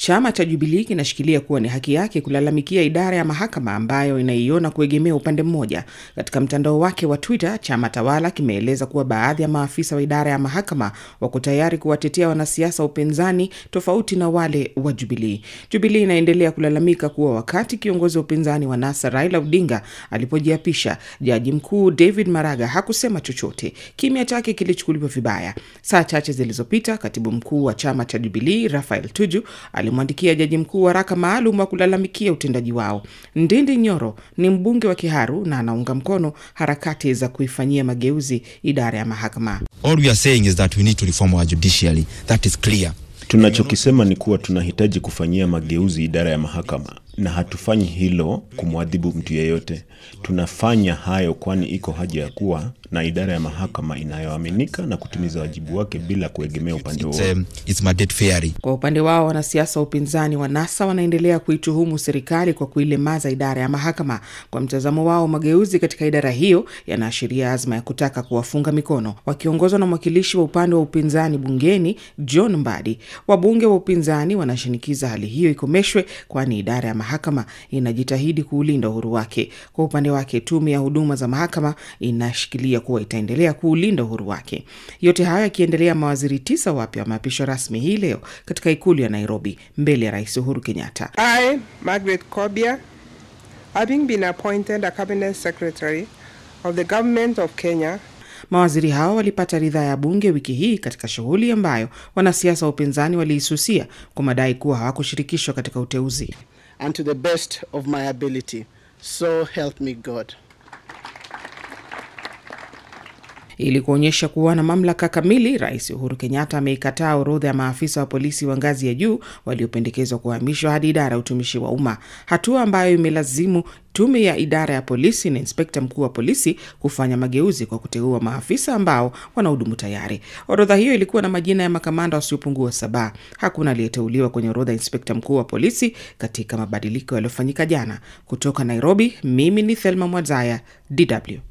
Chama cha Jubilii kinashikilia kuwa ni haki yake kulalamikia idara ya mahakama ambayo inaiona kuegemea upande mmoja. Katika mtandao wake wa Twitter, chama tawala kimeeleza kuwa baadhi ya maafisa wa idara ya mahakama wako tayari kuwatetea wanasiasa wa upinzani tofauti na wale wa Jubilii. Jubilii inaendelea kulalamika kuwa wakati kiongozi wa upinzani wa NASA Raila Odinga alipojiapisha, jaji mkuu David Maraga hakusema chochote. Kimya chake kilichukuliwa vibaya. Saa chache zilizopita, katibu mkuu wa chama cha Jubilii Rafael Tuju walimwandikia jaji mkuu waraka maalum wa kulalamikia utendaji wao. Ndindi Nyoro ni mbunge wa Kiharu na anaunga mkono harakati za kuifanyia mageuzi idara ya mahakama. Tunachokisema ni kuwa tunahitaji kufanyia mageuzi idara ya mahakama na hatufanyi hilo kumwadhibu mtu yeyote. Tunafanya hayo kwani iko haja ya kuwa na idara ya mahakama inayoaminika na kutimiza wajibu wake bila kuegemea upande wowote. Um, kwa upande wao wanasiasa wa upinzani wa NASA wanaendelea kuituhumu serikali kwa kuilemaza idara ya mahakama. Kwa mtazamo wao, mageuzi katika idara hiyo yanaashiria azma ya kutaka kuwafunga mikono. Wakiongozwa na mwakilishi wa upande wa upinzani bungeni John Mbadi, wabunge wa upinzani wanashinikiza hali hiyo ikomeshwe, kwani idara ya mahakama inajitahidi kuulinda uhuru wake. Kwa upande wake, tume ya huduma za mahakama inashikilia kuwa itaendelea kuulinda uhuru wake. Yote hayo yakiendelea, mawaziri tisa wapya wameapishwa rasmi hii leo katika ikulu ya Nairobi mbele ya Rais Uhuru Kenyatta. Margaret having been appointed a cabinet secretary of the government of Kenya Mawaziri hao walipata ridhaa ya bunge wiki hii katika shughuli ambayo wanasiasa wa upinzani waliisusia kwa madai kuwa hawakushirikishwa katika uteuzi. and to the best of my ability. So help me God. Ili kuonyesha kuwa na mamlaka kamili, Rais Uhuru Kenyatta ameikataa orodha ya maafisa wa polisi wa ngazi ya juu waliopendekezwa kuhamishwa hadi idara ya utumishi wa umma, hatua ambayo imelazimu tume ya idara ya polisi na inspekta mkuu wa polisi kufanya mageuzi kwa kuteua maafisa ambao wanahudumu tayari. Orodha hiyo ilikuwa na majina ya makamanda wasiopungua saba. Hakuna aliyeteuliwa kwenye orodha ya inspekta mkuu wa polisi katika mabadiliko yaliyofanyika jana. Kutoka Nairobi, mimi ni Thelma Mwazaya, DW.